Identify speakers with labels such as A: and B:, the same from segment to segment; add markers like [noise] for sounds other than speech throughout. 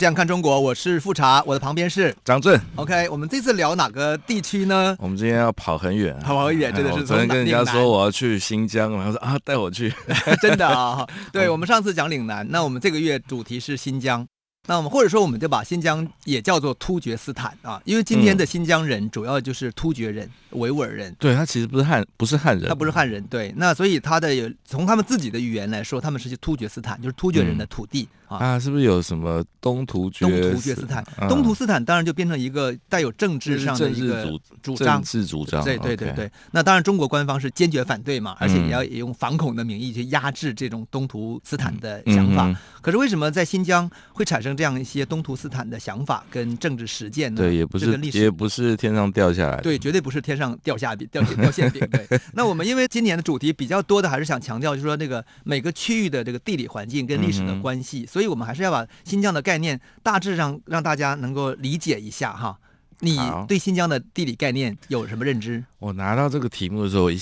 A: 這樣看中國，我是富察，我的旁邊是張正。OK，我們這次聊哪個地區呢？
B: 我們今天要跑很遠，跑好遠，真的是。嗯、我昨天跟人家說我要去新疆，然後說，啊，帶我去。
A: [laughs] [laughs] 真的啊、哦，對、嗯，我們上次講嶺南，那我們這個月主題是新疆。那我們或者說我們就把新疆也叫做突厥斯坦啊，因為今天的新疆人主要就是突厥人、嗯、維吾爾人。
B: 對，他其實不是漢，不是漢人。他不是
A: 漢人，對。那所以他的從他們自己的語言來說，他們是去突厥斯坦，就是突厥人的土地啊、嗯。啊，
B: 是不是有什麼東突厥？東突厥斯、啊、斯坦，東突
A: 斯坦當然就變成一個帶有政治上的主主張，政治主張。對對對對。對對 okay. 那當然中國官方是堅決反對嘛，而且也要也用反恐的名義去壓制這種東突斯坦的想法、嗯。可是為什麼在新疆會產生？這樣一些東突斯坦的想法跟政治實踐呢，對，也不是、這個歷史，也
B: 不是天上掉下來的，對，
A: 絕對不是天上掉下掉餡掉餡餅。 [laughs] 對，那我們因為今年的主題比較多的，還是想強調，就是說這個每個區域的這個地理環境跟歷史的關係、嗯，所以我們還是要把新疆的概念大致上讓大家能夠理解一下哈。你對新疆的地理概念有什麼認知？
B: 我拿到這個題目的時候，一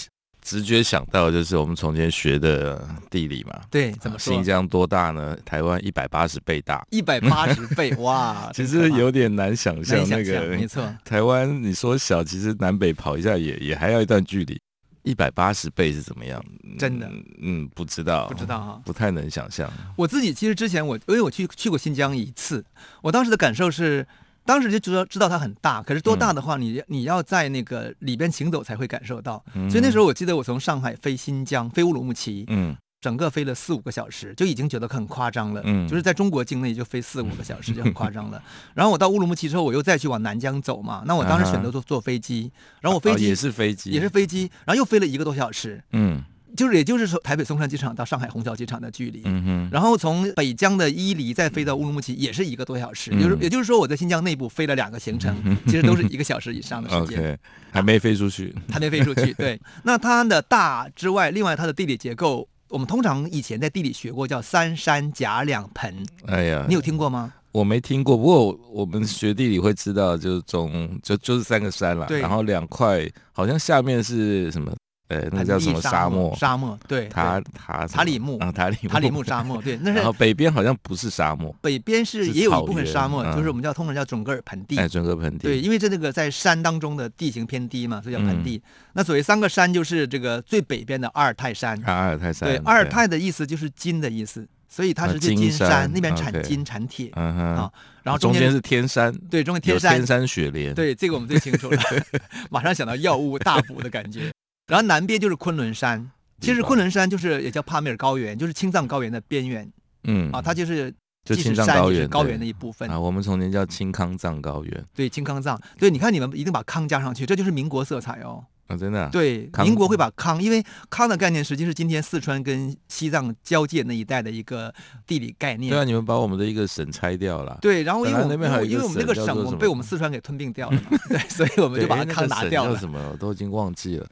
B: 直覺想到就是我們從前學的地理嘛，對，怎麼說？啊，新疆多大呢？台灣一百八十倍大，一百八十
A: 倍哇！
B: 其實有點難想象，想象那個沒錯。台灣你說小，其實南北跑一下也也還要一段距離，一百八十倍是怎麼樣？真的，嗯，不知道，不知道啊，不太能想象。
A: 我自己其實之前我因為我去去過新疆一次，我當時的感受是。當時就知道，知道它很大，可是多大的話，你你要在那個裡邊行走才會感受到、嗯。所以那時候我記得我從上海飛新疆，飛烏魯木齊，嗯，整個飛了四五個小時，就已經覺得很誇張了。嗯，就是在中國境內就飛四五個小時就很誇張了、嗯。然後我到烏魯木齊之後，我又再去往南疆走嘛， [laughs] 那我當時選擇坐坐飛機，然後我飛機、啊哦、也是飛機，也是飛機，然後又飛了一個多小時，嗯。就是，也就是說，台北松山機場到上海虹橋機場的距離，嗯嗯，然後從北疆的伊犁再飛到烏魯木齊，也是一個多小時。就、嗯、是，也就是說，我在新疆內部飛了兩個行程、嗯，其實都是一個小時以上的時間。Okay,
B: 啊、還沒飛出去，還沒飛出去，對。
A: [laughs] 那它的大之外，另外它的地理結構，我們通常以前在地理學過，叫三山夾兩盆。
B: 哎呀，你有聽過嗎？我沒聽過，不過我們學地理會知道，就中就就是三個山了，然後兩塊，好像下面是什麼。呃，那個、叫什麼沙漠，沙漠？沙漠，對，塔塔塔里、嗯、塔里木，塔里木塔里木沙漠，對，那是。北邊好像不是沙漠，北邊是也有一部分沙漠，是就是
A: 我們叫通常叫準噶爾盆地。哎，準噶爾盆地，對，因為這那個在山當中的地形偏低嘛，所以叫盆地。嗯、那所謂三個山就是這個最北邊的阿爾泰山。阿爾泰山，對，阿爾泰的意思就是金的意思，所以它是叫金山，那邊產金產鐵。嗯哼，啊，然後中間是天山，對，中間天山雪蓮，對，這個我們最清楚了， [laughs] [laughs] 馬上想到藥物大補的感覺。然後南邊就是昆侖山，其實昆侖山就是也叫帕米爾高原，就是青藏高原的邊緣。嗯，啊，它就是既是山也是高原的一部分。啊，
B: 我們從前叫青康藏高原。
A: 對，青康藏。對，你看你們一定把康加上去，這就是民國色彩哦。啊，真的、啊。對，民國會把康，因為康的概念實際是今天四川跟西藏交界那一帶的一個地理概念。對啊，
B: 你們把我們的一個省拆掉了。哦、對，然後因為我們剛剛那邊因為我們那個省我們被我們四川給吞併掉了 [laughs]
A: 對，所以我們就把康、那個、拿掉了。
B: 什麼？都已經忘記了。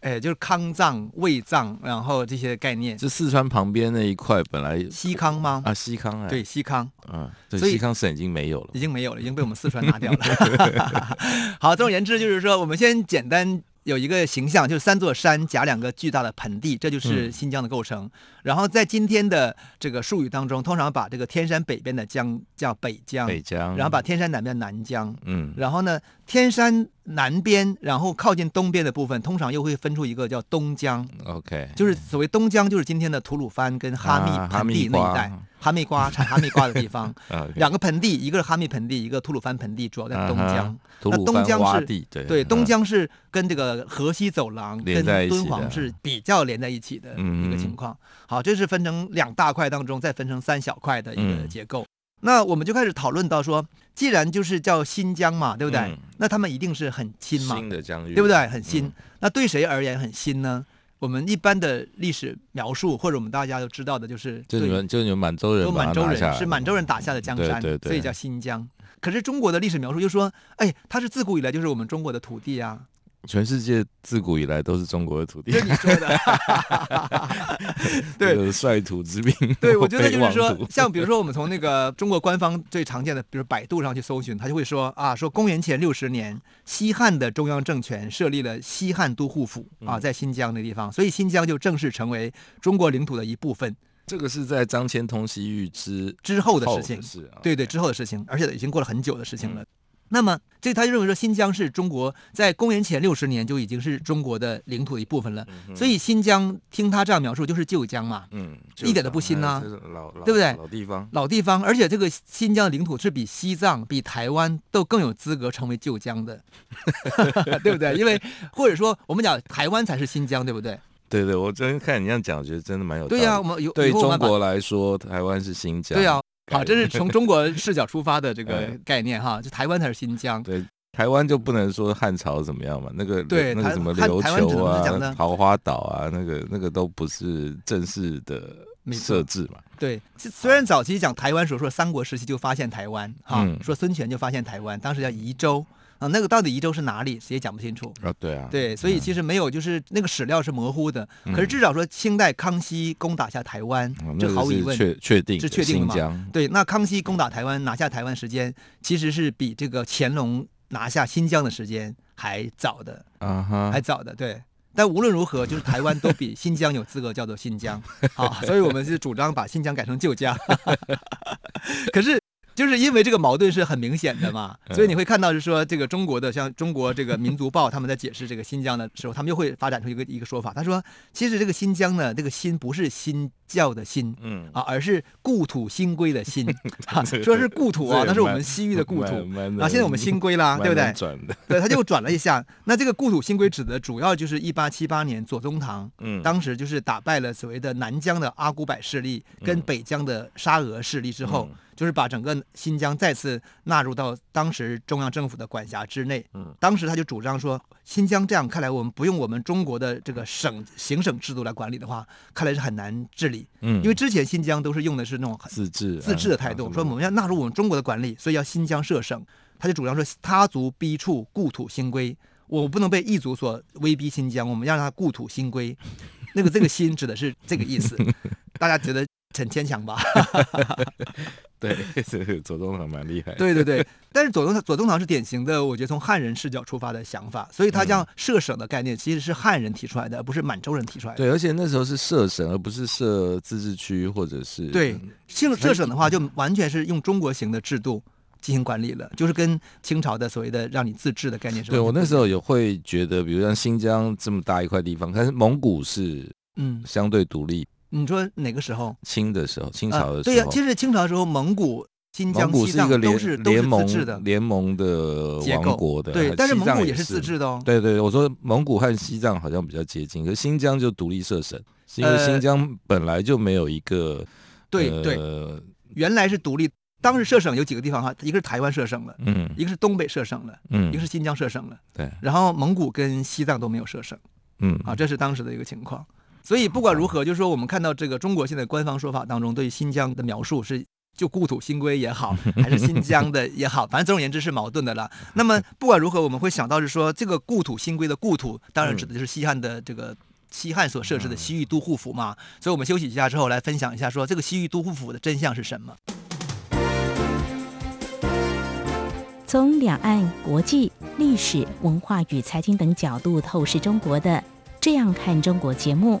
A: 哎，就是康藏、衛藏，然後這些概念，
B: 就四川旁邊那一塊本來有，西康嗎？啊，西康啊，對，西康，嗯，所以，所以西康省已經沒有了，
A: 已經沒有了，已經被我們四川拿掉了。 [laughs] [laughs] 好，總而言之，就是說，我們先簡單。有一個形象，就是三座山夾兩個巨大的盆地，這就是新疆的構成，嗯。然後在今天的這個術語當中，通常把這個天山北邊的疆叫北疆，北疆。然後把天山南邊南疆，嗯。然後呢，天山南邊，然後靠近東邊的部分，通常又會分出一個叫東疆，嗯。OK，就是所謂東疆，就是今天的吐魯番跟哈密盆地、啊、哈密瓜那一帶。哈密瓜產哈密瓜的地方， [laughs] okay. 兩個盆地，一個是哈密盆地，一個吐魯番盆地，主要在東疆。Uh -huh, 那東疆是吐魯番瓜地，對，對、啊、東疆是跟這個河西走廊跟敦煌是比較連在一起的一個情況。好，這是分成兩大塊當中再分成三小塊的一個結構、嗯。那我們就開始討論到說，既然就是叫新疆嘛，對不對？嗯、那他們一定是很新嘛，新的疆域對不對？很新、嗯。那對誰而言很新呢？我們一般的歷史描述，或者我們大家都知道的，就是就你們
B: 就你們滿洲人都滿洲人是滿洲人打下的江山，所以叫
A: 新疆。可是中國的歷史描述就是說，哎，它是自古以來就是我們中國的土地啊。
B: 全世界自古以來都是中國的土地，是你
A: 說
B: 的。 [laughs] [laughs] [laughs] 對，率土之濱， [laughs] 對， [laughs] 對， [laughs] 對 [laughs] 我非忘，我覺得就是說，像
A: 比如說我們從那個中國官方最常見的，比如百度上去搜尋，他就會說啊，說公元前六十年，西漢的中央政權設立了西域都護府啊，在新疆那地方，嗯，所以新疆就正式成為中國領土的一部分。這個是在張騫通西域之之後的事情，事情 [laughs] 對，對對，之後的事情，而且已經過了很久的事情了。嗯那麼，這他就認為說，新疆是中國在公元前六十年就已經是中國的領土一部分了。嗯、所以新疆聽他這樣描述，就是舊疆嘛，嗯，一點都不新呢、啊。老，對不對？老地方，老地方。而且這個新疆的領土是比西藏、比台灣都更有資格成為舊疆的， [laughs] 對不對？ [laughs] 因為或者說我們講台灣才是新疆，對不對？
B: 對對，我昨天看你這樣講，我覺得真的蠻有道理。對呀、啊，我們有對中國來說、嗯，台灣是新疆。對啊 [laughs] 好，這是從中
A: 國視角出發的這個概念哈、 [laughs] 嗯，就台灣才是新疆。
B: 對，台灣就不能說漢朝怎麼樣嘛，那個對，那個什麼琉球啊、能、能桃花島啊，那個那個都不是正式的設置
A: 嘛。對，雖然早期講台灣時候說，說三國時期就發現台灣哈、嗯，說孫權就發現台灣，當時叫夷州。啊，那個到底宜州是哪裡？誰也講不清楚啊。對啊。對，所以其實沒有、嗯，就是那個史料是模糊的。可是至少說，清代康熙攻打下台灣，嗯、這毫無疑問、啊、是確，確定的。是確定的嗎？對，那康熙攻打台灣，拿下台灣時間其實是比這個乾隆拿下新疆的時間還早的啊哈，還早的。對。但無論如何，就是台灣都比新疆有資格叫做新疆啊， [laughs] 所以我們是主張把新疆改成舊疆。 [laughs] 可是。就是因為這個矛盾是很明顯的嘛，所以你會看到，是說這個中國的像中國這個《民族報》，他們在解釋這個新疆的時候，他們又會發展出一個一個說法。他說，其實這個新疆呢，這個“新”不是新教的“新”，嗯啊，而是故土新歸的“新”啊。說是故土啊、哦，那是我們西域的故土啊。現在我們新歸啦，對不對？對，他就轉了一下。那這個故土新歸指的主要就是一八七八年左宗棠，嗯，當時就是打敗了所謂的南疆的阿古柏勢力，跟北疆的沙俄勢力之後。就是把整個新疆再次納入到當時中央政府的管轄之內。嗯，當時他就主張說，新疆這樣看來，我們不用我們中國的這個省行省制度來管理的話，看來是很難治理。嗯，因為之前新疆都是用的是那種
B: 自治自治的
A: 態度、嗯，說我們要納入我們中國的管理，所以要新疆設省。嗯、他就主張說，他族逼處故土新歸，我不能被異族所威逼新疆，我們要讓他故土新歸。那個這個新指的是這個意思， [laughs] 大家覺得？很牽強吧？ [laughs] 對，
B: 左宗棠蠻厲害。對對對，
A: [laughs] 但是左宗棠左宗棠是典型的，我覺得從漢人視角出發的想法，所以他像設省的概念，其實是漢人提出來的，而不是滿洲人提出來的。嗯、
B: 對，而且那時候是設省，而不是設自治區或者是對。姓設省的話，
A: 就完全是用中國型的制度進行管理了，就是跟清朝的所謂的讓你自治的概念是的。是對我那
B: 時候也會覺得，比如像新疆這麼大一塊地方，但是蒙古是嗯相對獨立。嗯
A: 你說哪個時候？
B: 清的時候，清朝的時候。啊、對呀、啊，其
A: 實清朝的時候，蒙古、新疆、西藏都是都是自治的，
B: 聯盟的王國的。對，啊、是但是蒙古也是自治的、哦。對對，我說蒙古和西藏好像比較接近，可是新疆就獨立設省，因為新疆本來就沒有一個。
A: 呃呃、對對，原來是獨立。當時設省有幾個地方哈，一個是台灣設省了，嗯，一個是東北設省了，嗯，一個是新疆設省了，對、嗯。然後蒙古跟西藏都沒有設省，嗯，啊，這是當時的一個情況。所以不管如何，就是說我們看到這個中國現在官方說法當中對於新疆的描述是，就故土新歸也好，還是新疆的也好，反正總而言之是矛盾的了。那麼不管如何，我們會想到是說這個故土新歸的故土，當然指的就是西漢的這個西漢所設置的西域都護府嘛。所以我們休息一下之後來分享一下說，說這個西域都護府的真相是什麼？
C: 從兩岸國際、歷史文化與財經等角度透視中國的，這樣看中國節目。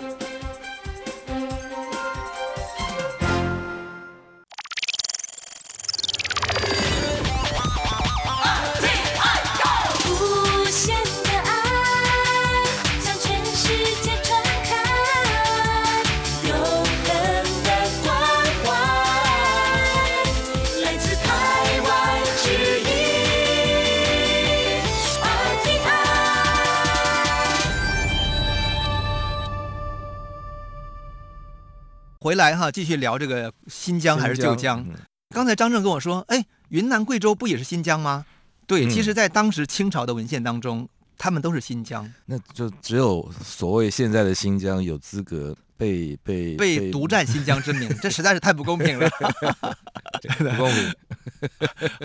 A: 回來哈，繼續聊這個新疆還是舊疆。剛才張正跟我說，哎，雲南、貴州不也是新疆嗎？對，其實，在當時清朝的文獻當中，他們都是新疆。那就
B: 只有所謂現在的新疆有資格被被被獨
A: 佔新疆之名，這實在是太不公平了，不公平。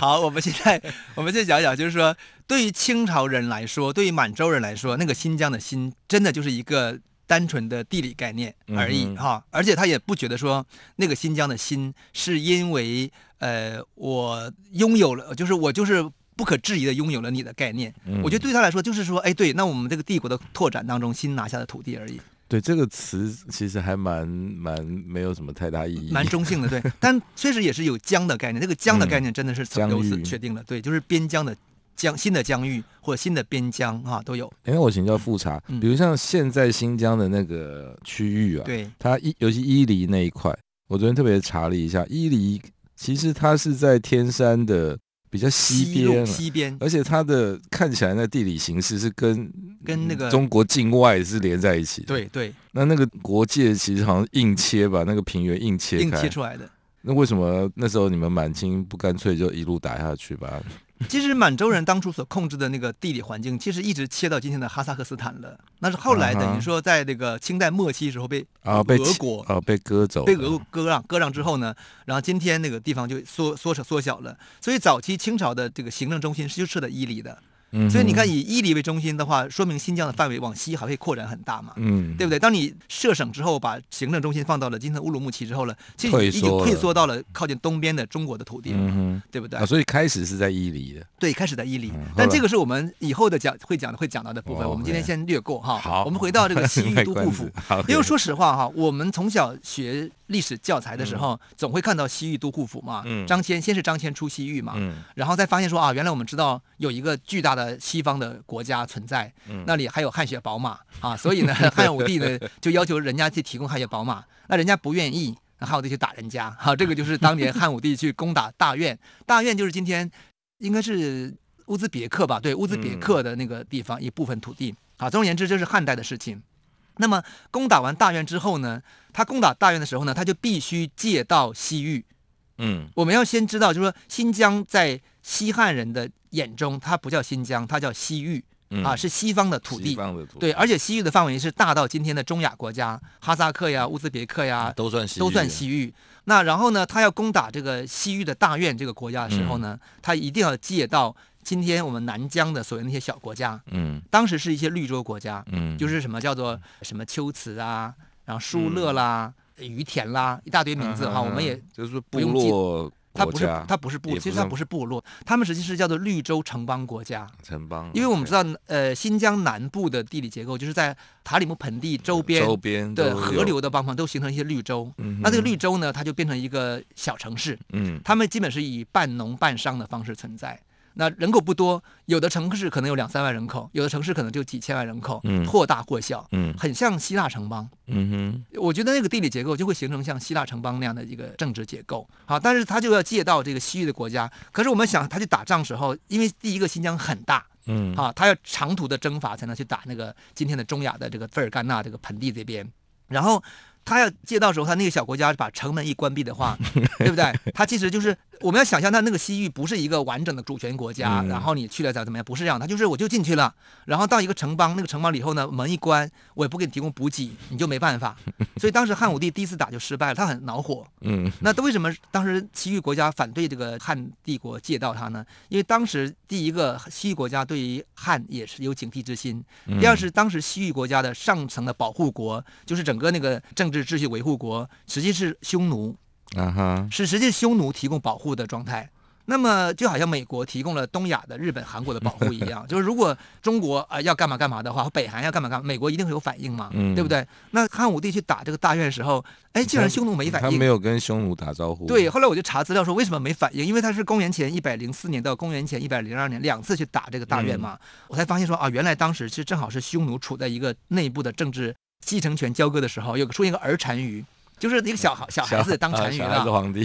A: 好，我們現在我們先講一講，就是說，對於清朝人來說，對於滿洲人來說，那個新疆的新，真的就是一個。單純的地理概念而已，嗯，哈，而且他也不覺得說那個新疆的“新”是因為呃我擁有了，就是我就是不可置疑的擁有了你的概念，嗯。我覺得對他來說就是說，哎，對，那我們這個帝國的拓展當中新拿下的土地而已。
B: 對，這個詞其實還蠻蠻沒有什麼太大意義，蠻
A: 中性的對，但確實也是有疆的概念。嗯，這個疆的概念真的是由此確定了，對，就是邊疆的。江，新的疆域或者新的邊疆啊，都有。
B: 哎、欸，我請教富察、嗯嗯，比如像現在新疆的那個區域啊，對，它伊尤其伊犁那一塊，我昨天特別查了一下，伊犁其實它是在天山的比較西邊，西邊，而且它的看起來那地理形勢是跟、
A: 跟那個、嗯、中
B: 國境外是連在一起的。對對，那那個國界其實好像硬切吧，那個平原硬切開、硬切出來的。那為什麼那時候你們滿清不乾脆就一路打下去吧？
A: 其實滿洲人當初所控製的那個地理環境，其實一直切到今天的哈薩克斯坦了。那是後來等於、嗯、說，在這個清代末期時候被啊被俄國啊，被，啊被割走，被俄國割讓割讓之後呢，然後今天那個地方就縮縮縮小了。所以早期清朝的這個行政中心是就設在伊犁的。所以你看，以伊犁為中心的話，說明新疆的範圍往西還會擴展很大嘛？嗯、對不對？當你設省之後，把行政中心放到了今天烏魯木齊之後呢，其實已經退縮到了靠近東邊的中國的土地了了，對不對、啊？所
B: 以開始是在伊犁的，
A: 對，開始在伊犁、嗯。但這個是我們以後的講會講會講到的部分，、嗯我的的部分嗯，我們今天先略過哈。好，我們回到這個西域都護府、 [laughs] okay。因為說實話哈，我們從小學。歷史教材的時候，總會看到西域都護府嘛。嗯、張騫先是張騫出西域嘛、嗯，然後再發現說啊，原來我們知道有一個巨大的西方的國家存在，嗯、那裡還有汗血寶馬啊，所以呢，漢武帝呢 [laughs] 就要求人家去提供汗血寶馬，那人家不願意，漢武帝去打人家。好、啊，這個就是當年漢武帝去攻打大宛， [laughs] 大宛就是今天應該是烏茲別克吧？對，烏茲別克的那個地方、嗯、一部分土地。好、啊，總而言之，這是漢代的事情。那麼攻打完大宛之後呢，他攻打大宛的時候呢，他就必須借道西域。嗯，我們要先知道，就是說新疆在西漢人的眼中，它不叫新疆，它叫西域、嗯、啊，是西方，西方的土地。對，而且西域的範圍是大到今天的中亞國家，哈薩克呀、烏茲別克呀，都算西域。都算西域。那然後呢，他要攻打這個西域的大宛這個國家的時候呢，嗯、他一定要借道。今天我們南疆的所謂那些小國家，嗯，當時是一些綠洲國家，嗯，就是什麼叫做什麼龜茲啊，然後疏勒啦、於、嗯、闐啦，一大堆名字哈、嗯嗯，我們也不用記，就是部落，它不是，它不是部不是，其實它不是部落，他們實際是叫做綠洲城邦國家，
B: 城邦，因為我們知道，
A: 嗯、呃，新疆南部的地理結構就是在塔里木盆地周邊，周邊對河流的幫忙都形成一些綠洲周周周，那這個綠洲呢，它就變成一個小城市，嗯，他、嗯、們基本是以半農半商的方式存在。那人口不多，有的城市可能有兩三萬人口，有的城市可能就幾千萬人口，嗯，或大或小，嗯，很像希臘城邦，嗯，嗯，我覺得那個地理結構就會形成像希臘城邦那樣的一個政治結構，好，但是他就要借到這個西域的國家，可是我們想他去打仗時候，因為第一個新疆很大，嗯，哈、啊，他要長途的征伐才能去打那個今天的中亞的這個費爾干納這個盆地這邊，然後。他要借道的時候，他那個小國家把城門一關閉的話，對不對？他其實就是我們要想象，他那個西域不是一個完整的主權國家。然後你去了再怎麼樣，不是這樣的。他就是我就進去了，然後到一個城邦，那個城邦裡以後呢，門一關，我也不給你提供補給，你就沒辦法。所以當時漢武帝第一次打就失敗了，他很惱火。那都為什麼當時西域國家反對這個漢帝國借道他呢？因為當時第一個西域國家對於漢也是有警惕之心。第二是當時西域國家的上層的保護國，就是整個那個政治。是秩序維護國，實際是匈奴、
B: 啊哈，
A: 是實際匈奴提供保護的狀態。那麼就好像美國提供了東亞的日本、韓國的保護一樣，就是如果中國啊、呃、要幹嘛幹嘛的話，北韓要幹嘛幹嘛，美國一定會有反應嘛、嗯，對不對？那漢武帝去打這個大宛的時候，哎，竟然匈奴沒反應他，他沒有跟
B: 匈奴打招呼。對，
A: 後來我就查資料說為什麼沒反應，因為他是公元前一百零四年到公元前一百零二年兩次去打這個大宛嘛，嗯、我才發現說啊，原來當時其實正好是匈奴處在一個內部的政治繼承權交割的時候，有個出現一個兒單於，就是一個小小孩子當單於了，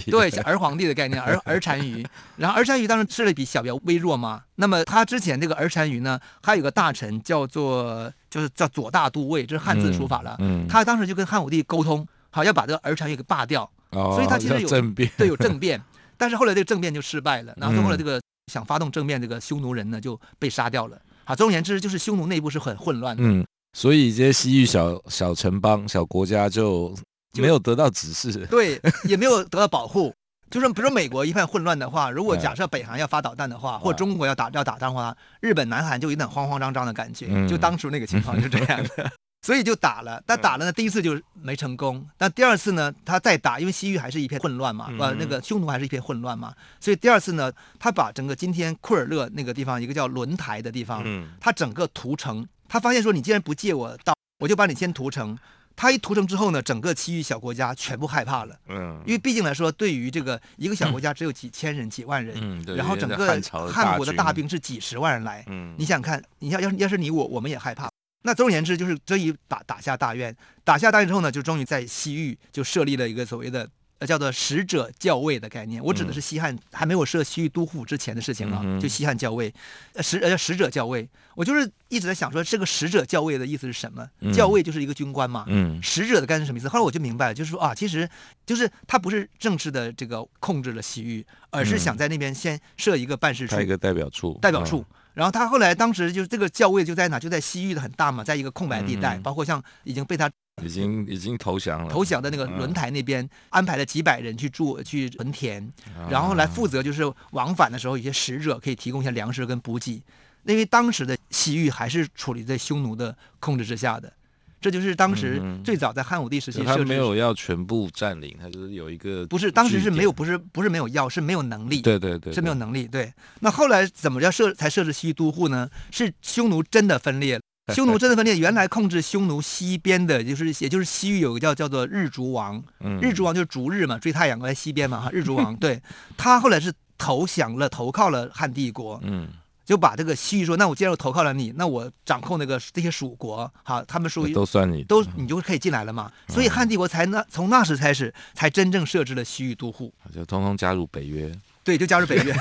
A: 對，兒皇帝的概念，兒兒單於。然後兒單於當時勢力比小比較微弱嘛，那麼他之前這個兒單於呢，還有個大臣叫做就是叫左大都尉，這是漢字書法了、嗯嗯，他當時就跟漢武帝溝通，好要把這個兒單於給罷掉、哦，所以他其實有政變，對，有政變，但是後來這個政變就失敗了，然後後來這個想發動政變的這個匈奴人呢就被殺掉了，好，總而言之就是匈奴內部是很混亂的。嗯
B: 所以這些西域小小城邦，小國家就沒有得到指示，
A: 對，也沒有得到保護。 [laughs] 就是比如說美國一片混亂的話，如果假設北韓要發導彈的話，哎、或中國要打要打仗的話，日本、南韓就有點慌慌張張的感覺。嗯、就當初那個情況就是這樣的，嗯嗯、 [laughs] 所以就打了。但打了呢，第一次就沒成功。但第二次呢，他再打，因為西域還是一片混亂嘛，呃、嗯，那個匈奴還是一片混亂嘛，所以第二次呢，他把整個今天庫爾勒那個地方，一個叫輪台的地方，它，嗯、他整個屠城。他發現說：“你既然不借我刀，我就把你先屠城。”他一屠城之後呢，整個西域小國家全部害怕了。嗯，因為畢竟來說，對於這個一個小國家，只有幾千人、嗯、幾萬人、嗯。然後整個漢，漢國的大兵是幾十萬人來。嗯，你想看，你要要是要是你我我們也害怕。嗯、那總而言之，就是這一打打下大宛，打下大宛之後呢，就終於在西域就設立了一個所謂的。叫做使者校尉的概念，我指的是西漢還沒有設西域都護之前的事情啊，嗯、就西漢校尉、呃，使呃叫使者校尉，我就是一直在想說，這個使者校尉的意思是什麼？嗯、校尉就是一個軍官嘛，嗯，使者的概念是什麼意思？後來我就明白了，就是說啊，其實就是他不是正式的這個控制了西域，而是想在那邊先設一個辦事處，嗯、設一個代
B: 表處、嗯，代表處。
A: 然後他後來當時就是這個校尉就在哪？就在西域的很大嘛，在一個空白地帶，嗯、包括像已經被他。已經已經投降了。投降的那個輪台那邊、嗯、安排了幾百人去住去屯田、嗯，然後來負責就是往返的時候，一些使者可以提供一些糧食跟補給。因為當時的西域還是處於在匈奴的控制之下的，這就是當時最早在漢武帝時期。嗯、他沒有
B: 要全部占領，他就是有一個不是當時是沒有
A: 不是不是沒有要，是沒有能力。對,對對對，是沒有能力。對，那後來怎麼叫設才設置西域都護呢？是匈奴真的分裂了。 [music] 匈奴真的分裂，原來控制匈奴西邊的，就是也就是西域有一個叫叫做日逐王，嗯、日逐王就是逐日嘛，追太陽過來西邊嘛哈，日逐王， [laughs] 對，他後來是投降了，投靠了漢帝國，嗯，就把這個西域說，那我既然我投靠了你，那我掌控那個這些屬國，哈，他們屬於都算你，都你就可以進來了嘛，嗯、所以漢帝國才那從那時開始才真正設置了西域都護，
B: 就通通加入北約。
A: 對，就加入北約，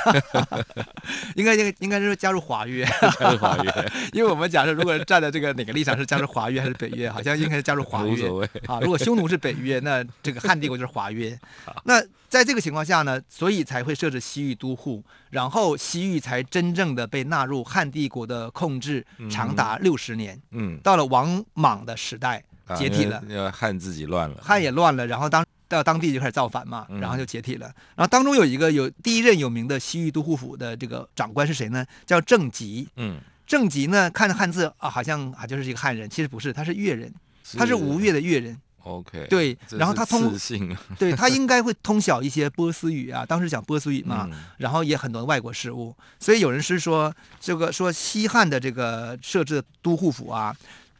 A: 應該應該應該是加入華約，加入華約，因為我們假設，如果站在
C: 這個哪個立場，是加入華約還是北約？好像應該是加入華約。無所謂啊。如果匈奴
A: 是北約，那這個漢帝國就是華約。 [laughs] 那在這個情況下呢，所以才會設置西域都護，然後西域才真正的被納入漢帝國的控制，長達六十年。嗯。到了王莽的時代，解體了、嗯。嗯
B: 啊、因為漢自己亂了。
A: 漢也亂了，然後當。到當地就開始造反嘛，然後就解體了、嗯。然後當中有一個有第一任有名的西域都護府的這個長官是誰呢？叫鄭吉。嗯，鄭吉呢，看着漢字啊，好像啊就是一個漢人，其實不是，他是越人是，他是吳越的越人。
B: OK。對，然後他通，啊、
A: 對他應該會通曉一些波斯語啊，當時講波斯語嘛，嗯、然後也很多外國事務。所以有人是說這個說西漢的這個設置的都護府啊，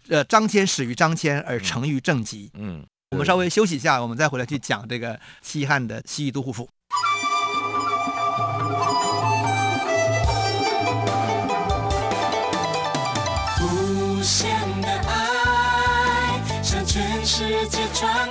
A: 呃，張騫始於張騫而成於鄭吉。嗯。嗯我們稍微休息一下，我們再回來去講這個西漢的西域都護府。
C: 無限的愛向全世界傳。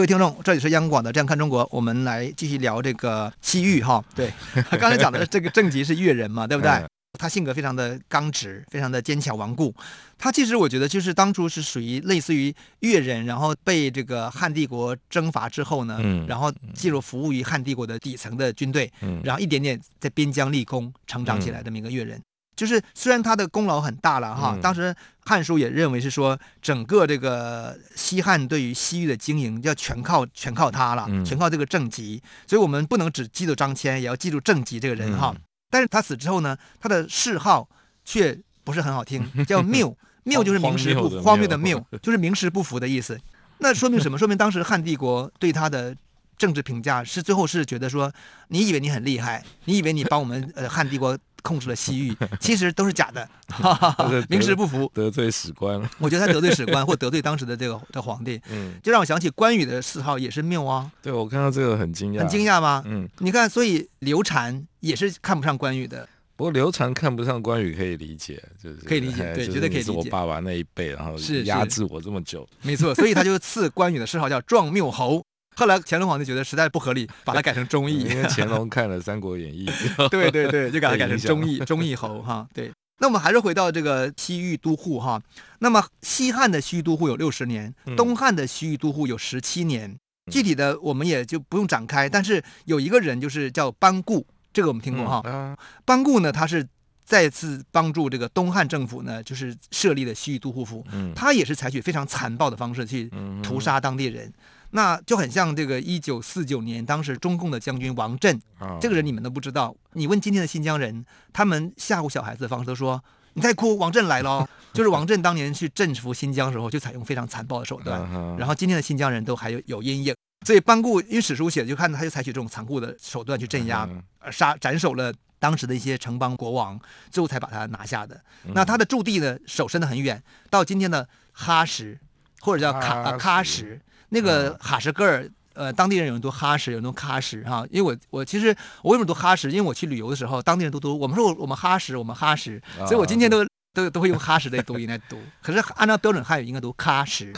C: 各位聽
A: 眾，這裡是央廣的《這樣看中國》，我們來繼續聊這個西域哈。對，剛才講的這個鄭吉是越人嘛，對不對？ [laughs] 他性格非常的剛直，非常的堅強頑固。他其實我覺得就是當初是屬於類似於越人，然後被這個漢帝國征伐之後呢，嗯，然後進入服務於漢帝國的底層的軍隊，
C: 嗯，然後一
A: 點點在邊疆立功成長起來的，嗯，這麼一個越人。就是雖然他的功勞很大了哈，嗯、當時《漢書》也認為是說整個這個西漢對於西域的經營要全靠全靠他了，嗯、全靠這個鄭吉，所以我們不能只記住張騫，也要記住鄭吉這個人哈、嗯。但是他死之後呢，他的諡號卻不是很好聽，叫繆繆，就是名實不 [laughs] 荒謬的繆，就是名實不符的意思。那說明什麼？說明當時漢帝國對他的政治評價是最後是覺得說，你以為你很厲害，你以為你幫我們呃漢帝國。控制了西域，其實都是假的。哈哈哈，名實不
B: 符，得罪史官 [laughs] 我覺得他得罪史官，或得罪
A: 當時的這個的皇帝，嗯，就讓我想起關羽的諡號也是繆王、哦。對，我看到這個很驚訝，很驚訝嗎？嗯，你看，所以劉禪也是看不上關羽的。不過劉禪看不上關羽可以理解，就是可以理解，對，絕對可以理解，你是我爸
B: 爸那一輩，然後壓制我這麼久，是是沒錯。
A: 所以他就賜關羽的諡號叫壯繆侯。 [laughs] 後來乾隆皇帝覺得實在不合理，把它改成忠義，因為乾隆
B: 看了《三國演義。》 [laughs] 對對對，就把它改成忠義忠義侯哈。
A: 對，那我們還是回到這個西域都護哈。那麼西漢的西域都護有六十年，東漢的西域都護有十七年，嗯。具體的我們也就不用展開，嗯。但是有一個人就是叫班固，這個我們聽過，嗯，哈。班固呢，他是再次幫助這個東漢政府呢，就是設立了西域都護府，嗯。他也是採取非常殘暴的方式去屠殺當地人。嗯嗯那就很像這個一九四九年，當時中共的將軍王震，oh. 這個人你們都不知道。你問今天的新疆人，他們嚇唬小孩子的方式都說：“你再哭，王震來了。 [laughs] ”就是王震當年去征服新疆時候，就採用非常殘暴的手段。Uh -huh. 然後今天的新疆人都還有有陰影。所以班固因為史書寫，就看到他就採取這種殘酷的手段去鎮壓，uh -huh. 殺斬首了當時的一些城邦國王，最後才把他拿下的。那他的駐地呢，手伸得很遠，到今天的哈什或者叫卡，uh -huh. 啊、喀什。那個哈什格爾，呃，當地人有人讀哈什，有人讀喀什哈、啊。因為我我其實我為什麼讀哈什？因為我去旅遊的時候，當地人都讀我們說我們哈什，我們哈什，所以我今天都、啊、都都、都會用哈什的讀音 [laughs] 來讀。可是按照標準漢語應該讀喀什。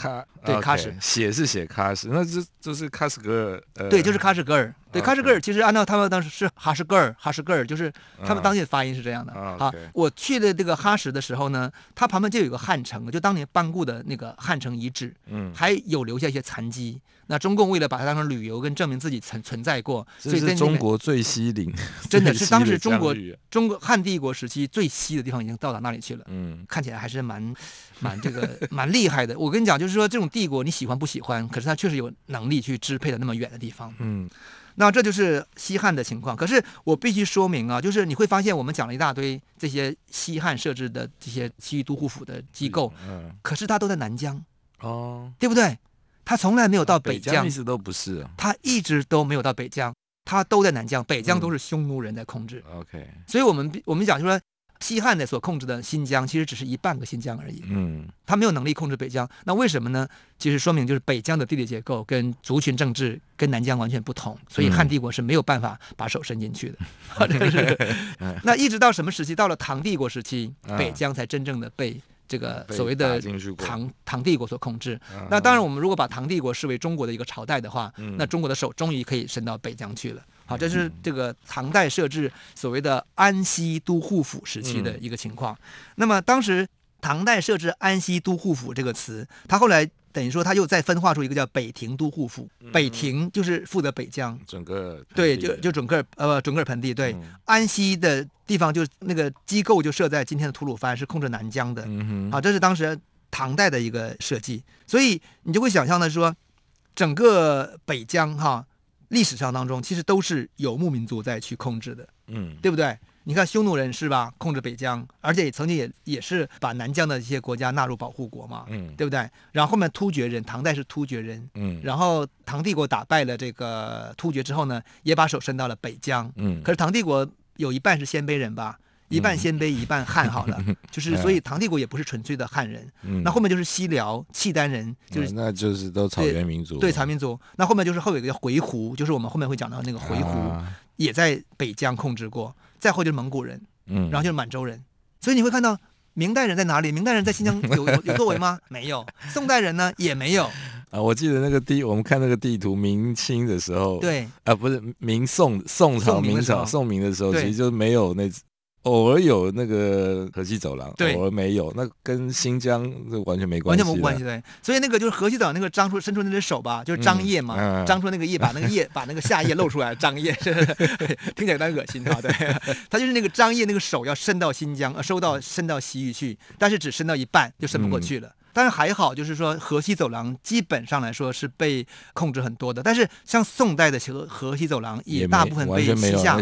A: 對 okay, 喀什，
B: 寫是寫喀什，那這就，就是喀什噶爾，呃。對，就是喀
A: 什噶爾。對，okay. 喀什噶爾其實按照他們當時是哈什噶爾，哈什噶爾就是他們當時的發音是這樣的。啊、嗯，好哦 okay. 我去的這個哈什的時候呢，它旁邊就有個漢城，就當年班固的那個漢城遺址，嗯，還有留下一些殘迹。那中共為了把它當成旅遊，跟證明自己存存在過，這是所以在中國
B: 最西陵真的，的是當時中國
A: 中國漢帝國時期最西的地方已經到達那裡去了。嗯，看起來還是蠻。 [laughs] 蠻這個蠻厲害的，我跟你講，就是說，這種帝國你喜歡不喜歡？可是他確實有能力去支配的那麼遠的地方。嗯，那這就是西漢的情況。可是我必須說明啊，就是你會發現我們講了一大堆這些西漢設置的這些西域都護府的機構，嗯，可是他都在南疆，哦，對不對？他從來沒有到北疆，啊、北疆一直
B: 都不是、啊。他
A: 一直都沒有到北疆，他都在南疆，北疆都是匈奴人在控制、嗯。OK，所以我們我們講就說。西漢的所控制的新疆，其實只是一半個新疆而已。他沒有能力控制北疆，那為什麼呢？其實說明就是北疆的地理結構跟族群政治跟南疆完全不同，所以漢帝國是沒有辦法把手伸進去的。嗯。 [laughs] [laughs] 那一直到什麼時期？到了唐帝國時期，北疆才真正的被這個所謂的唐唐帝國所控制。那當然，我們如果把唐帝國視為中國的一個朝代的話，那中國的手終於可以伸到北疆去了。好，這是這個唐代設置所謂的安西都護府時期的一個情況。嗯、那麼當時唐代設置安西都護府這個詞，他後來等於說他又再分化出一個叫北庭都護府。嗯、北庭就是負責北疆，整個對，就就整個呃整個盆地對。呃地對嗯、安西的地方就那個機構就設在今天的吐魯番，是控制南疆的，嗯。好，這是當時唐代的一個設計。所以你就會想象的說，整個北疆哈。歷史上當中，其實都是游牧民族在去控制的，嗯，對不對？你看匈奴人是吧，控制北疆，而且曾經也也是把南疆的一些國家納入保護國嘛，嗯，對不對？然後後面突厥人，唐代是突厥人，嗯，然後唐帝國打敗了這個突厥之後呢，也把手伸到了北疆，嗯，可是唐帝國有一半是鮮卑人吧。一半鮮卑，一半漢，好了，就是所以唐帝國也不是純粹的漢人。嗯、那後面就是西遼、契丹人，就是、嗯、
B: 那就是都草原民族。對，對草原
A: 民族。那後面就是後有一個叫回鶻，就是我們後面會講到那個回鶻、啊，也在北疆控制過。再後就是蒙古人，嗯，然後就是滿洲人。所以你會看到明代人在哪裡？明代人在新疆有有，有作為嗎？ [laughs] 沒有。宋代人呢也沒有。
B: 啊，我記得那個地，我們看那個地圖，明清的時候，對，啊，不是明宋，宋朝、明朝、宋明的時候，時候時候其實就沒有那。偶爾有那個河西走廊，對，偶爾沒有，那跟新疆完全、完全沒關係，完全沒關係，
A: 對，所以那個就是河西走廊，那個張出伸出那隻手吧，就是張掖嘛，嗯啊、張出那個葉，把那個葉，啊、把那個下掖、啊、葉露出來， [laughs] 張掖，聽起來很惡心的。對，他就是那個張掖，那個手要伸到新疆，呃，收到伸到西域去，但是只伸到一半就伸不過去了。嗯、但是還好，就是說河西走廊基本上來說是被控制很多的。但是像宋代的河河西走廊，也大部分被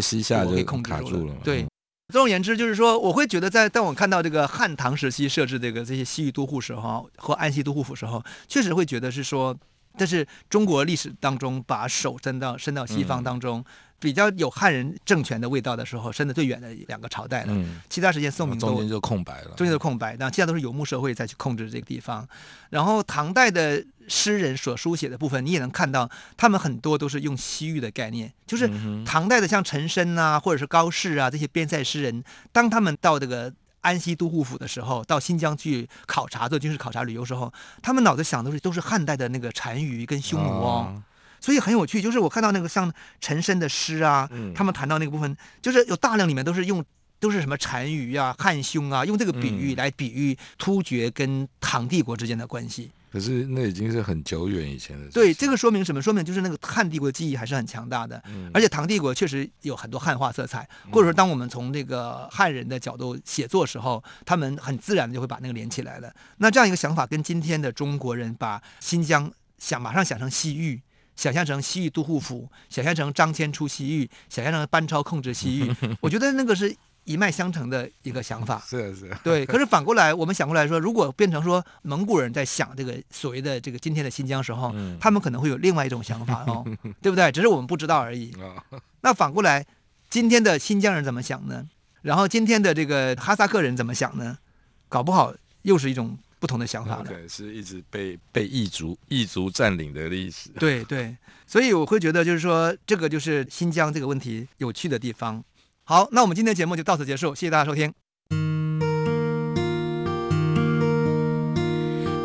A: 西
B: 西夏給控制住了，
A: 對。總而言之，就是說，我會覺得在，在當我看到這個漢唐時期設置這個這些西域都護時候和安西都護府時候，確實會覺得是說，但是中國歷史當中把手伸到伸到西方當中。嗯比較有漢人政權的味道的時候，伸的最遠的兩個朝代了，嗯。其他時間，宋明都中間就空白了，中間就空白，然後其他都是游牧社會在去控制這個地方。然後唐代的詩人所書寫的部分，你也能看到，他們很多都是用西域的概念，就是唐代的像岑參啊，或者是高適啊這些邊塞詩人，當他們到這個安西都護府的時候，到新疆去考察做軍事考察旅遊時候，他們腦子想的都是都是漢代的那個單於跟匈奴哦，啊所以很有趣，就是我看到那個像岑參的詩啊、嗯，他們談到那個部分，就是有大量裡面都是用都是什麼單於啊、漢匈啊，用這個比喻來比喻突厥跟唐帝國之間的關係。
B: 可是那已經是很久遠以前的事。對，
A: 這個說明什麼？說明就是那個漢帝國的記憶還是很強大的，嗯、而且唐帝國確實有很多漢化色彩，或者說，當我們從這個漢人的角度寫作時候，他們很自然的就會把那個連起來了。那這樣一個想法，跟今天的中國人把新疆想馬上想成西域。想象成西域都護府，想象成張騫出西域，想象成班超控制西域，我覺得那個是一脈相承的一個想法。是是。對，可是反過來，我們想過來說，如果變成說蒙古人在想這個所謂的這個今天的新疆時候，他們可能會有另外一種想法哦， [laughs] 對不對？只是我們不知道而已。啊。那反過來，今天的新疆人怎麼想呢？然後今天的這個哈薩克人怎麼想呢？搞不好又是一種。不同的想法對，
B: 是一直被被異族異族佔領的歷史。對
A: 對，所以我會覺得，就是說，這個就是新疆這個問題有趣的地方。好，那我們今天節目就到此結束，謝謝大家收聽。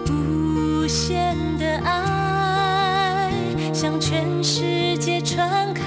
C: 無限的愛向全世界傳開。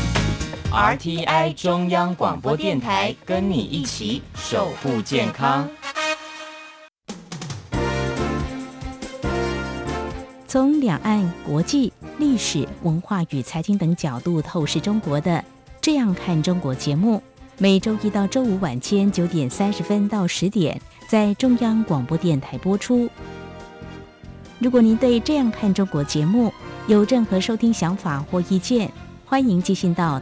C: RTI 中央廣播電台跟你一起守護健康。從兩岸、國際、歷史文化與財經等角度透視中國的《這樣看中國》節目，每週一到週五晚間九點三十分到十點在中央廣播電台播出。如果您對《這樣看中國》節目有任何收聽想法或意見，歡迎寄信到。